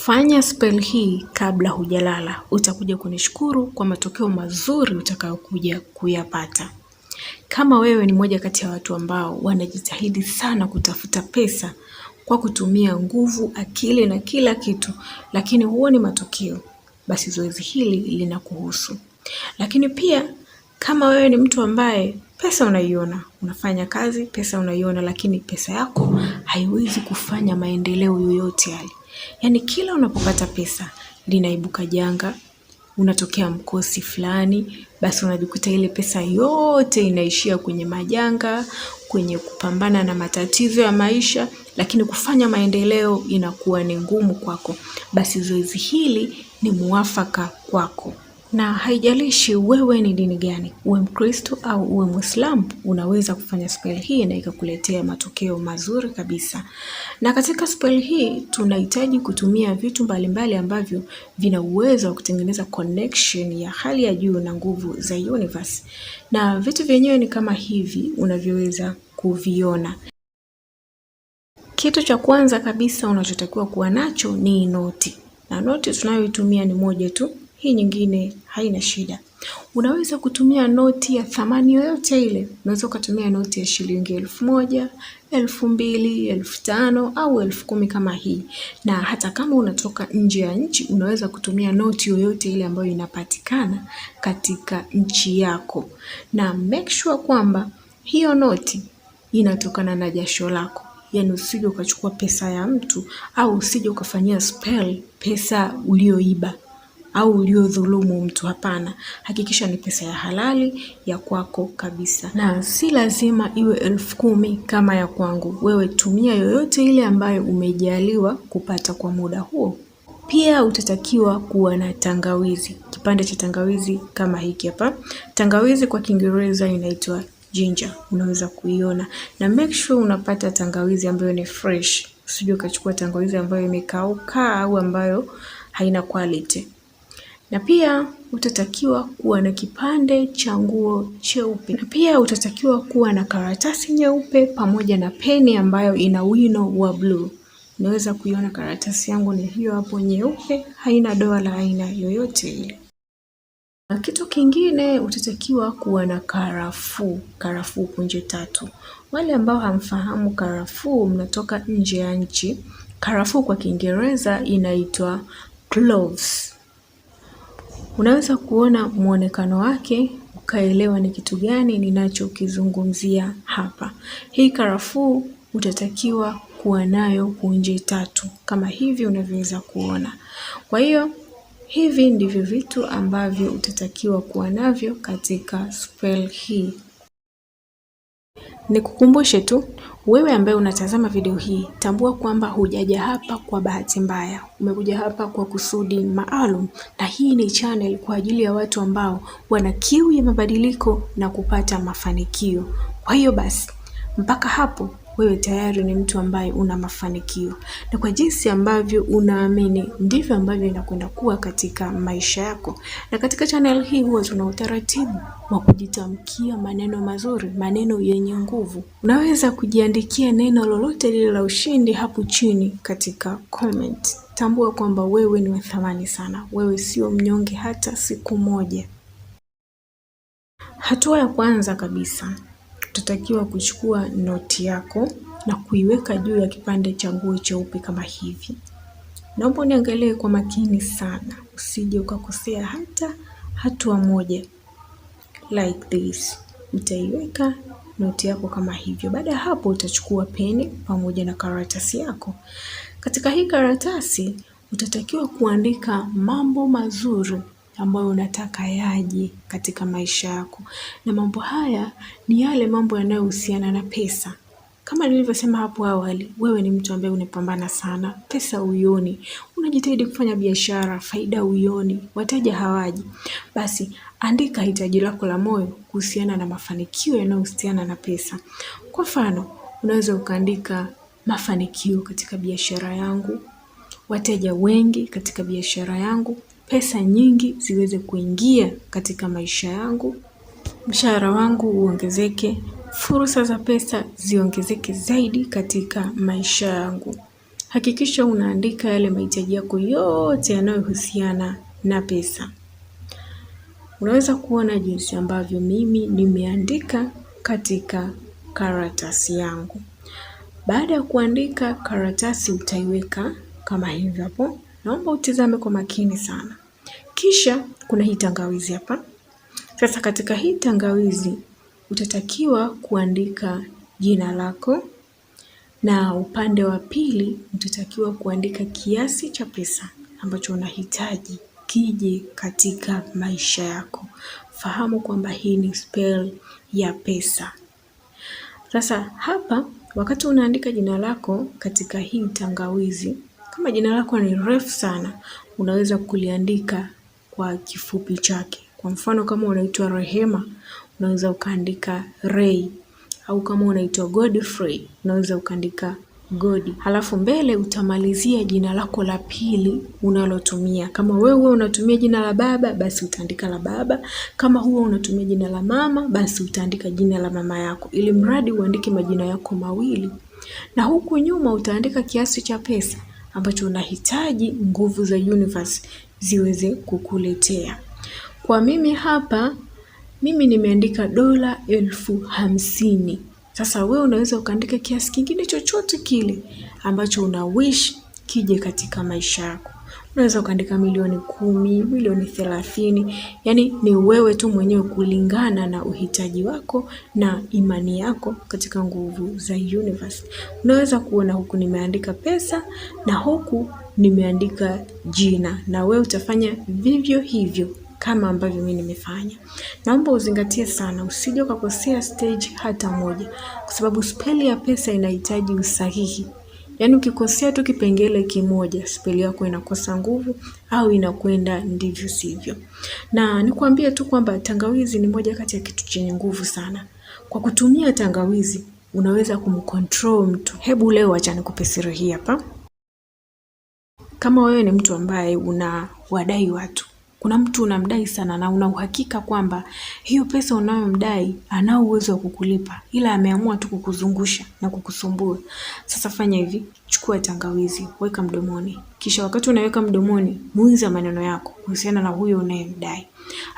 Fanya spell hii kabla hujalala, utakuja kunishukuru kwa matokeo mazuri utakayokuja kuyapata. Kama wewe ni moja kati ya watu ambao wanajitahidi sana kutafuta pesa kwa kutumia nguvu, akili na kila kitu, lakini huoni matokeo, basi zoezi hili linakuhusu. Lakini pia kama wewe ni mtu ambaye pesa unaiona, unafanya kazi, pesa unaiona, lakini pesa yako haiwezi kufanya maendeleo yoyote yale, Yaani kila unapopata pesa linaibuka janga, unatokea mkosi fulani, basi unajikuta ile pesa yote inaishia kwenye majanga, kwenye kupambana na matatizo ya maisha, lakini kufanya maendeleo inakuwa ni ngumu kwako. Basi zoezi hili ni muafaka kwako na haijalishi wewe ni dini gani, uwe Mkristo au uwe Mwislamu, unaweza kufanya spell hii na ikakuletea matokeo mazuri kabisa. Na katika spell hii tunahitaji kutumia vitu mbalimbali ambavyo vina uwezo wa kutengeneza connection ya hali ya juu na nguvu za universe, na vitu vyenyewe ni kama hivi unavyoweza kuviona. Kitu cha kwanza kabisa unachotakiwa kuwa nacho ni noti, na noti tunayoitumia ni moja tu hii nyingine haina shida. Unaweza kutumia noti ya thamani yoyote ile. Unaweza ukatumia noti ya shilingi elfu moja, elfu mbili, elfu tano au elfu kumi kama hii, na hata kama unatoka nje ya nchi unaweza kutumia noti yoyote ile ambayo inapatikana katika nchi yako, na make sure kwamba hiyo noti inatokana na jasho lako. Yani, usije ukachukua pesa ya mtu au usije ukafanyia spell pesa ulioiba au uliodhulumu mtu. Hapana, hakikisha ni pesa ya halali ya kwako kabisa, na si lazima iwe elfu kumi kama ya kwangu. Wewe tumia yoyote ile ambayo umejaliwa kupata kwa muda huo. Pia utatakiwa kuwa na tangawizi, kipande cha tangawizi kama hiki hapa. Tangawizi kwa Kiingereza inaitwa ginger, unaweza kuiona na make sure unapata tangawizi ambayo ni fresh, usije ukachukua tangawizi ambayo imekauka au ambayo haina quality na pia utatakiwa kuwa na kipande cha nguo cheupe, na pia utatakiwa kuwa na karatasi nyeupe pamoja na peni ambayo ina wino wa bluu. Unaweza kuiona karatasi yangu ni hiyo hapo nyeupe, haina doa la aina yoyote ile. Na kitu kingine utatakiwa kuwa na karafuu, karafuu punje tatu. Wale ambao hamfahamu karafuu, mnatoka nje ya nchi, karafuu kwa Kiingereza inaitwa cloves. Unaweza kuona muonekano wake ukaelewa ni kitu gani ninachokizungumzia hapa. Hii karafuu utatakiwa kuwa nayo kunje tatu kama hivi unavyoweza kuona. Kwa hiyo hivi ndivyo vitu ambavyo utatakiwa kuwa navyo katika spell hii. Nikukumbushe tu wewe ambaye unatazama video hii, tambua kwamba hujaja hapa kwa bahati mbaya, umekuja hapa kwa kusudi maalum, na hii ni channel kwa ajili ya watu ambao wana kiu ya mabadiliko na kupata mafanikio. Kwa hiyo basi, mpaka hapo wewe tayari ni mtu ambaye una mafanikio, na kwa jinsi ambavyo unaamini ndivyo ambavyo inakwenda kuwa katika maisha yako. Na katika channel hii huwa tuna utaratibu wa kujitamkia maneno mazuri, maneno yenye nguvu. Unaweza kujiandikia neno lolote lile la ushindi hapo chini katika comment. Tambua kwamba wewe ni wa thamani sana, wewe sio mnyonge hata siku moja. Hatua ya kwanza kabisa utatakiwa kuchukua noti yako na kuiweka juu ya kipande cha nguo cheupe kama hivi. Naomba uniangalie kwa makini sana, usije ukakosea hata hatua moja. Like this, utaiweka noti yako kama hivyo. Baada ya hapo, utachukua peni pamoja na karatasi yako. Katika hii karatasi utatakiwa kuandika mambo mazuri ambayo unataka yaje katika maisha yako, na mambo haya ni yale mambo yanayohusiana na pesa. Kama nilivyosema hapo awali, wewe ni mtu ambaye unapambana sana, pesa uioni, unajitahidi kufanya biashara, faida uioni, wateja hawaji, basi andika hitaji lako la moyo kuhusiana na mafanikio yanayohusiana na pesa. Kwa mfano, unaweza ukaandika mafanikio katika biashara yangu, wateja wengi katika biashara yangu, pesa nyingi ziweze kuingia katika maisha yangu, mshahara wangu uongezeke, fursa za pesa ziongezeke zaidi katika maisha yangu. Hakikisha unaandika yale mahitaji yako yote yanayohusiana na pesa. Unaweza kuona jinsi ambavyo mimi nimeandika katika karatasi yangu. Baada ya kuandika karatasi utaiweka kama hivyo hapo naomba utizame kwa makini sana. Kisha kuna hii tangawizi hapa. Sasa katika hii tangawizi utatakiwa kuandika jina lako na upande wa pili utatakiwa kuandika kiasi cha pesa ambacho unahitaji kije katika maisha yako. Fahamu kwamba hii ni spell ya pesa. Sasa hapa wakati unaandika jina lako katika hii tangawizi kama jina lako ni refu sana unaweza kuliandika kwa kifupi chake. Kwa mfano kama unaitwa Rehema unaweza ukaandika Rei, au kama unaitwa Godfrey unaweza ukaandika Godi. Halafu mbele utamalizia jina lako la pili unalotumia. Kama wewe unatumia jina la baba, basi utaandika la baba. Kama huwa unatumia jina la mama, basi utaandika jina la mama yako, ili mradi uandike majina yako mawili, na huku nyuma utaandika kiasi cha pesa ambacho unahitaji nguvu za universe ziweze kukuletea. Kwa mimi hapa, mimi nimeandika dola elfu hamsini. Sasa wewe unaweza ukaandika kiasi kingine chochote kile ambacho una wish kije katika maisha yako unaweza ukaandika milioni kumi, milioni thelathini, yani ni wewe tu mwenyewe kulingana na uhitaji wako na imani yako katika nguvu za universe. Unaweza kuona huku nimeandika pesa na huku nimeandika jina, na wewe utafanya vivyo hivyo kama ambavyo mimi nimefanya. Naomba uzingatie sana, usije ukakosea stage hata moja, kwa sababu speli ya pesa inahitaji usahihi. Yaani ukikosea tu kipengele kimoja speli yako inakosa nguvu au inakwenda ndivyo sivyo. Na nikwambie tu kwamba tangawizi ni moja kati ya kitu chenye nguvu sana. Kwa kutumia tangawizi unaweza kumcontrol mtu. Hebu leo acha nikupe siri hii hapa. Kama wewe ni mtu ambaye unawadai watu kuna mtu unamdai sana na una uhakika kwamba hiyo pesa unayomdai anao uwezo wa kukulipa, ila ameamua tu kukuzungusha na kukusumbua. Sasa fanya hivi, chukua tangawizi, weka mdomoni, kisha wakati unaweka mdomoni, muiza maneno yako kuhusiana na huyo unayemdai,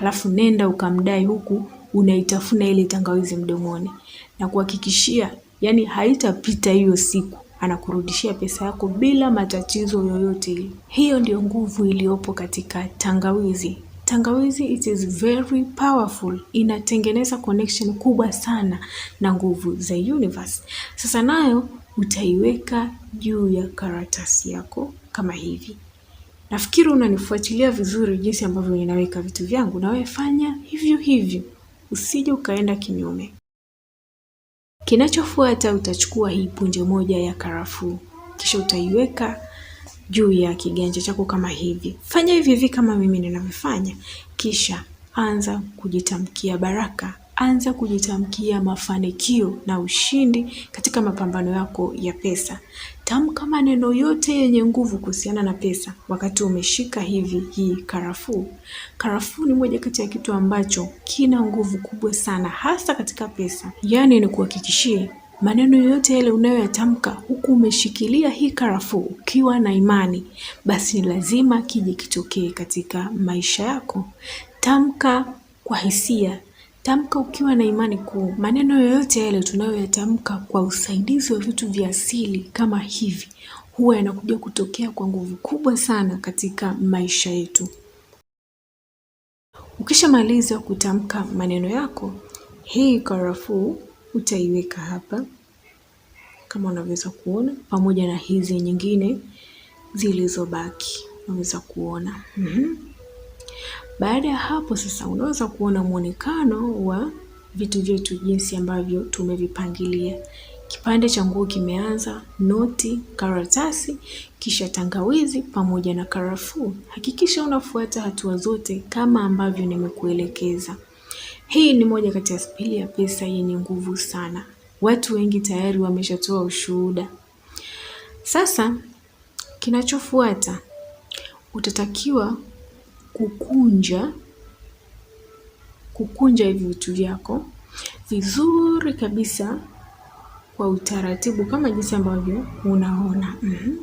alafu nenda ukamdai huku unaitafuna ile tangawizi mdomoni, na kuhakikishia, yani haitapita hiyo siku anakurudishia pesa yako bila matatizo yoyote. Hiyo ndio nguvu iliyopo katika tangawizi. Tangawizi it is very powerful, inatengeneza connection kubwa sana na nguvu za universe. Sasa nayo utaiweka juu ya karatasi yako kama hivi. Nafikiri unanifuatilia vizuri jinsi ambavyo ninaweka vitu vyangu, na wewe fanya hivyo hivyo, usije ukaenda kinyume. Kinachofuata utachukua hii punje moja ya karafuu, kisha utaiweka juu ya kiganja chako kama hivi. Fanya hivi hivi kama mimi ninavyofanya, kisha anza kujitamkia baraka, anza kujitamkia mafanikio na ushindi katika mapambano yako ya pesa. Tamka maneno yote yenye nguvu kuhusiana na pesa wakati umeshika hivi hii karafuu. Karafuu ni moja kati ya kitu ambacho kina nguvu kubwa sana hasa katika pesa, yaani ni kuhakikishie maneno yote yale unayoyatamka huku umeshikilia hii karafuu ukiwa na imani, basi ni lazima kije kitokee katika maisha yako. Tamka kwa hisia Tamka ukiwa na imani kuu. Maneno yoyote yale tunayoyatamka kwa usaidizi wa vitu vya asili kama hivi huwa yanakuja kutokea kwa nguvu kubwa sana katika maisha yetu. Ukishamaliza kutamka maneno yako, hii karafuu utaiweka hapa kama unavyoweza kuona, pamoja na hizi nyingine zilizobaki unaweza kuona mm -hmm. Baada ya hapo sasa, unaweza kuona mwonekano wa vitu vyetu jinsi ambavyo tumevipangilia. Kipande cha nguo kimeanza, noti, karatasi, kisha tangawizi pamoja na karafuu. Hakikisha unafuata hatua zote kama ambavyo nimekuelekeza. Hii ni moja kati ya spili ya pesa yenye nguvu sana. Watu wengi tayari wameshatoa ushuhuda. Sasa kinachofuata utatakiwa kukunja kukunja hivi vitu vyako vizuri kabisa kwa utaratibu kama jinsi ambavyo unaona mm -hmm.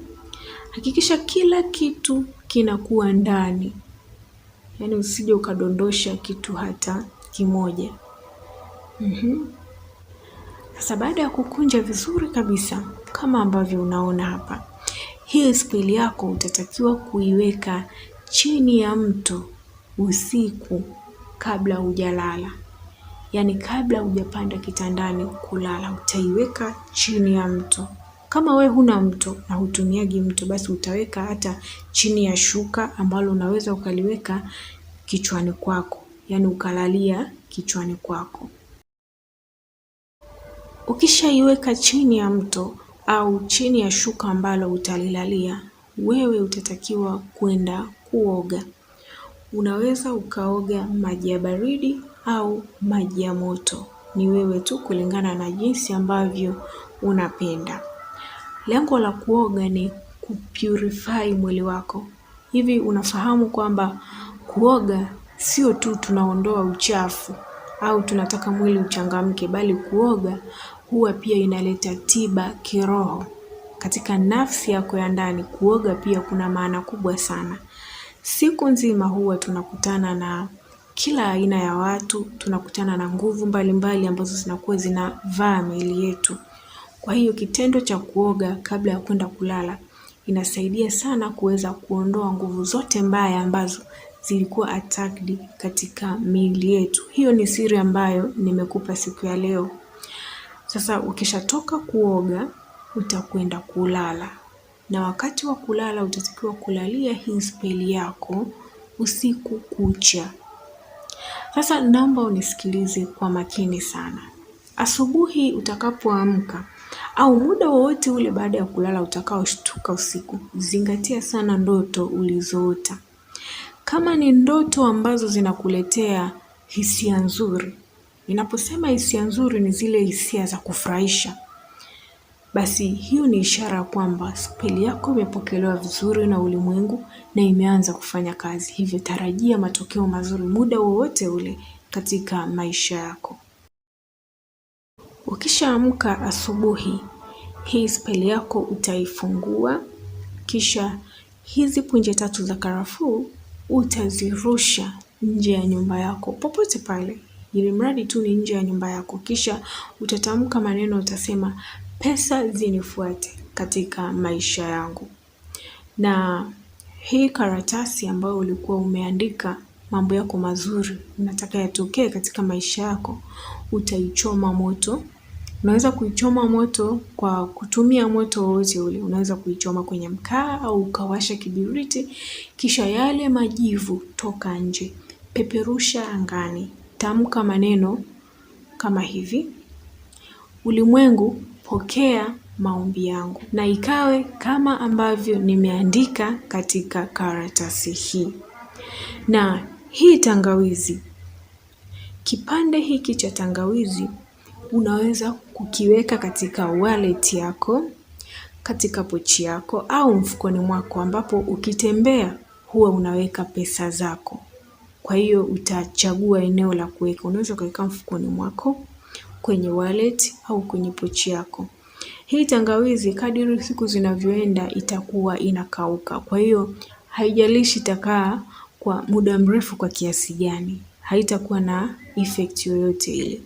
Hakikisha kila kitu kinakuwa ndani, yaani usije ukadondosha kitu hata kimoja. mm -hmm. Sasa baada ya kukunja vizuri kabisa kama ambavyo unaona hapa, hii speli yako utatakiwa kuiweka chini ya mto usiku kabla hujalala, yaani kabla hujapanda kitandani kulala utaiweka chini ya mto. Kama we huna mto na hutumiagi mto, basi utaweka hata chini ya shuka ambalo unaweza ukaliweka kichwani kwako, yaani ukalalia kichwani kwako. Ukishaiweka chini ya mto au chini ya shuka ambalo utalilalia, wewe utatakiwa kwenda kuoga. Unaweza ukaoga maji ya baridi au maji ya moto, ni wewe tu kulingana na jinsi ambavyo unapenda. Lengo la kuoga ni kupurify mwili wako. Hivi unafahamu kwamba kuoga sio tu tunaondoa uchafu au tunataka mwili uchangamke, bali kuoga huwa pia inaleta tiba kiroho katika nafsi yako ya ndani. Kuoga pia kuna maana kubwa sana. Siku nzima huwa tunakutana na kila aina ya watu, tunakutana na nguvu mbalimbali ambazo zinakuwa zinavaa miili yetu. Kwa hiyo kitendo cha kuoga kabla ya kwenda kulala inasaidia sana kuweza kuondoa nguvu zote mbaya ambazo zilikuwa attacked katika miili yetu. Hiyo ni siri ambayo nimekupa siku ya leo. Sasa ukishatoka kuoga utakwenda kulala na wakati wa kulala utatakiwa kulalia hii speli yako usiku kucha. Sasa naomba unisikilize kwa makini sana. Asubuhi utakapoamka au muda wowote ule baada ya kulala utakaoshtuka usiku, zingatia sana ndoto ulizoota. Kama ni ndoto ambazo zinakuletea hisia nzuri, ninaposema hisia nzuri ni zile hisia za kufurahisha, basi hiyo ni ishara ya kwamba speli yako imepokelewa vizuri na ulimwengu na imeanza kufanya kazi. Hivyo tarajia matokeo mazuri muda wowote ule katika maisha yako. Ukishaamka asubuhi, hii speli yako utaifungua, kisha hizi punje tatu za karafuu utazirusha nje ya nyumba yako popote pale, ili mradi tu ni nje ya nyumba yako. Kisha utatamka maneno, utasema pesa zinifuate katika maisha yangu. Na hii karatasi ambayo ulikuwa umeandika mambo yako mazuri unataka yatokee katika maisha yako, utaichoma moto. Unaweza kuichoma moto kwa kutumia moto wowote ule. Unaweza kuichoma kwenye mkaa au ukawasha kibiriti, kisha yale majivu toka nje, peperusha angani, tamka maneno kama hivi: ulimwengu pokea maombi yangu na ikawe kama ambavyo nimeandika katika karatasi hii. Na hii tangawizi, kipande hiki cha tangawizi unaweza kukiweka katika wallet yako, katika pochi yako au mfukoni mwako, ambapo ukitembea huwa unaweka pesa zako. Kwa hiyo utachagua eneo la kuweka, unaweza ukaweka mfukoni mwako kwenye wallet au kwenye pochi yako. Hii tangawizi kadiri siku zinavyoenda itakuwa inakauka, kwa hiyo haijalishi itakaa kwa muda mrefu kwa kiasi gani, haitakuwa na effect yoyote ile.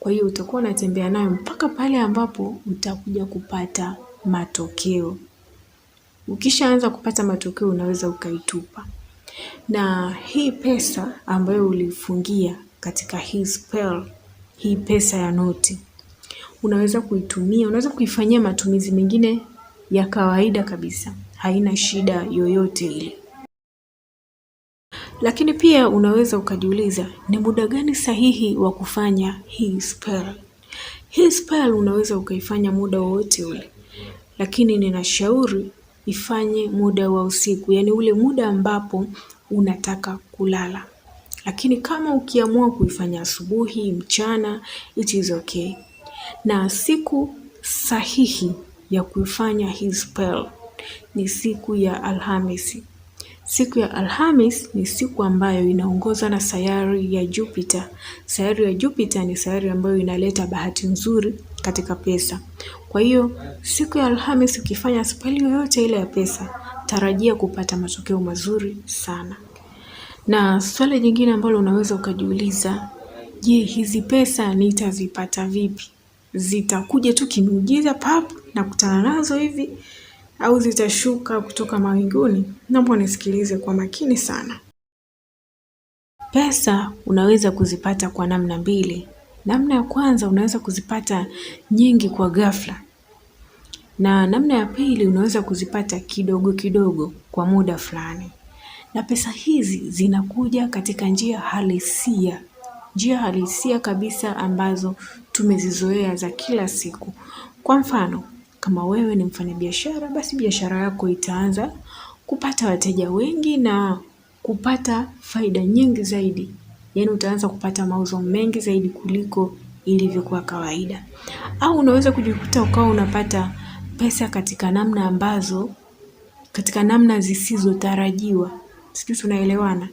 Kwa hiyo utakuwa unatembea nayo mpaka pale ambapo utakuja kupata matokeo. Ukishaanza kupata matokeo, unaweza ukaitupa. Na hii pesa ambayo ulifungia katika hii spell hii pesa ya noti. Unaweza kuitumia, unaweza kuifanyia matumizi mengine ya kawaida kabisa, haina shida yoyote ile. Lakini pia unaweza ukajiuliza ni muda gani sahihi wa kufanya hii spell. Hii spell unaweza ukaifanya muda wowote ule, lakini ninashauri ifanye muda wa usiku, yaani ule muda ambapo unataka kulala lakini kama ukiamua kuifanya asubuhi, mchana, it is okay. Na siku sahihi ya kuifanya hii spell ni siku ya Alhamisi. Siku ya Alhamis ni siku ambayo inaongoza na sayari ya Jupita. Sayari ya Jupita ni sayari ambayo inaleta bahati nzuri katika pesa. Kwa hiyo siku ya Alhamis ukifanya spell yoyote ile ya pesa, tarajia kupata matokeo mazuri sana. Na swali jingine ambalo unaweza ukajiuliza, je, hizi pesa nitazipata vipi? Zitakuja tu kimuujiza pap na kutana nazo hivi au zitashuka kutoka mawinguni? Naomba nisikilize kwa makini sana. Pesa unaweza kuzipata kwa namna mbili. Namna ya kwanza unaweza kuzipata nyingi kwa ghafla, na namna ya pili unaweza kuzipata kidogo kidogo kwa muda fulani na pesa hizi zinakuja katika njia halisia, njia halisia kabisa ambazo tumezizoea za kila siku. Kwa mfano, kama wewe ni mfanyabiashara, basi biashara yako itaanza kupata wateja wengi na kupata faida nyingi zaidi, yaani utaanza kupata mauzo mengi zaidi kuliko ilivyokuwa kawaida. Au unaweza kujikuta ukawa unapata pesa katika namna ambazo, katika namna zisizotarajiwa, sijui tunaelewana.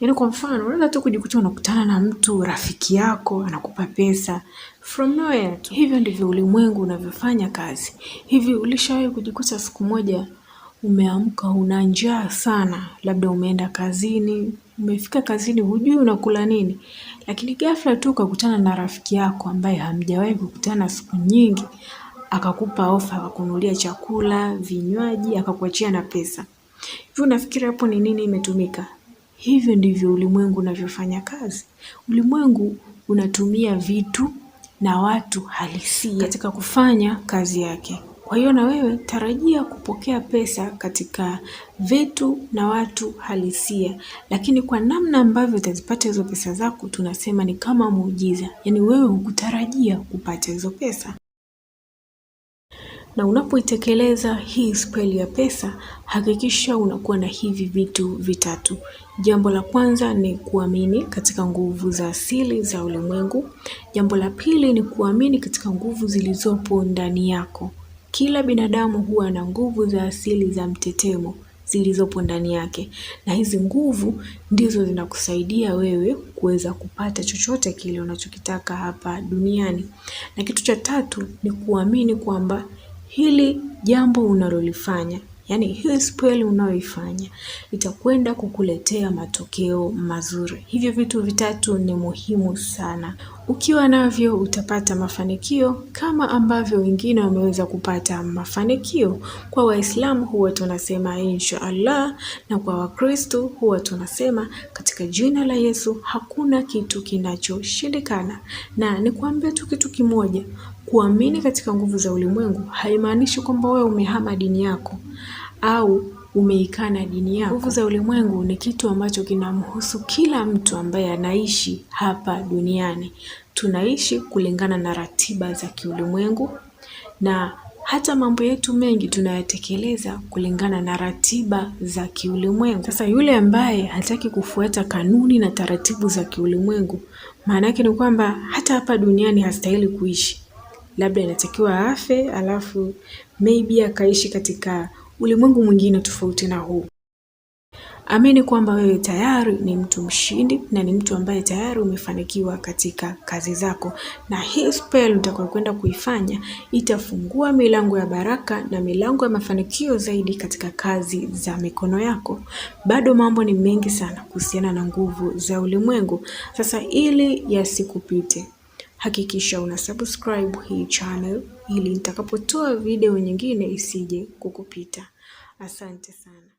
Yaani kwa mfano unaweza tu kujikuta unakutana na mtu rafiki yako anakupa pesa from nowhere tu. Hivyo ndivyo ulimwengu unavyofanya kazi. Hivi ulishawahi kujikuta siku moja umeamka una njaa sana, labda umeenda kazini, umefika kazini hujui unakula nini, lakini ghafla tu ukakutana na rafiki yako ambaye hamjawahi kukutana siku nyingi, akakupa ofa, akakununulia chakula, vinywaji, akakuachia na pesa. Hivyo unafikiri hapo ni nini imetumika? Hivyo ndivyo ulimwengu unavyofanya kazi. Ulimwengu unatumia vitu na watu halisi katika kufanya kazi yake. Kwa hiyo na wewe tarajia kupokea pesa katika vitu na watu halisia, lakini kwa namna ambavyo utazipata hizo pesa zako tunasema ni kama muujiza, yaani wewe hukutarajia kupata hizo pesa na unapoitekeleza hii spell ya pesa, hakikisha unakuwa na hivi vitu vitatu. Jambo la kwanza ni kuamini katika nguvu za asili za ulimwengu. Jambo la pili ni kuamini katika nguvu zilizopo ndani yako. Kila binadamu huwa na nguvu za asili za mtetemo zilizopo ndani yake, na hizi nguvu ndizo zinakusaidia wewe kuweza kupata chochote kile unachokitaka hapa duniani. Na kitu cha tatu ni kuamini kwamba hili jambo unalolifanya yaani hii spell unayoifanya itakwenda kukuletea matokeo mazuri. Hivyo vitu vitatu ni muhimu sana, ukiwa navyo utapata mafanikio kama ambavyo wengine wameweza kupata mafanikio. Kwa Waislamu huwa tunasema insha Allah, na kwa Wakristo huwa tunasema katika jina la Yesu. Hakuna kitu kinachoshindikana, na nikwambie tu kitu kimoja, Kuamini katika nguvu za ulimwengu haimaanishi kwamba wewe umehama dini yako au umeikana dini yako. Nguvu za ulimwengu ni kitu ambacho kinamhusu kila mtu ambaye anaishi hapa duniani. Tunaishi kulingana na ratiba za kiulimwengu na hata mambo yetu mengi tunayatekeleza kulingana na ratiba za kiulimwengu. Sasa yule ambaye hataki kufuata kanuni na taratibu za kiulimwengu, maana yake ni kwamba hata hapa duniani hastahili kuishi labda inatakiwa afe alafu maybe akaishi katika ulimwengu mwingine tofauti na huu. Amini kwamba wewe tayari ni mtu mshindi na ni mtu ambaye tayari umefanikiwa katika kazi zako, na hii spell utakayokwenda kuifanya itafungua milango ya baraka na milango ya mafanikio zaidi katika kazi za mikono yako. Bado mambo ni mengi sana kuhusiana na nguvu za ulimwengu. Sasa ili yasikupite Hakikisha una subscribe hii channel ili nitakapotoa video nyingine isije kukupita. Asante sana.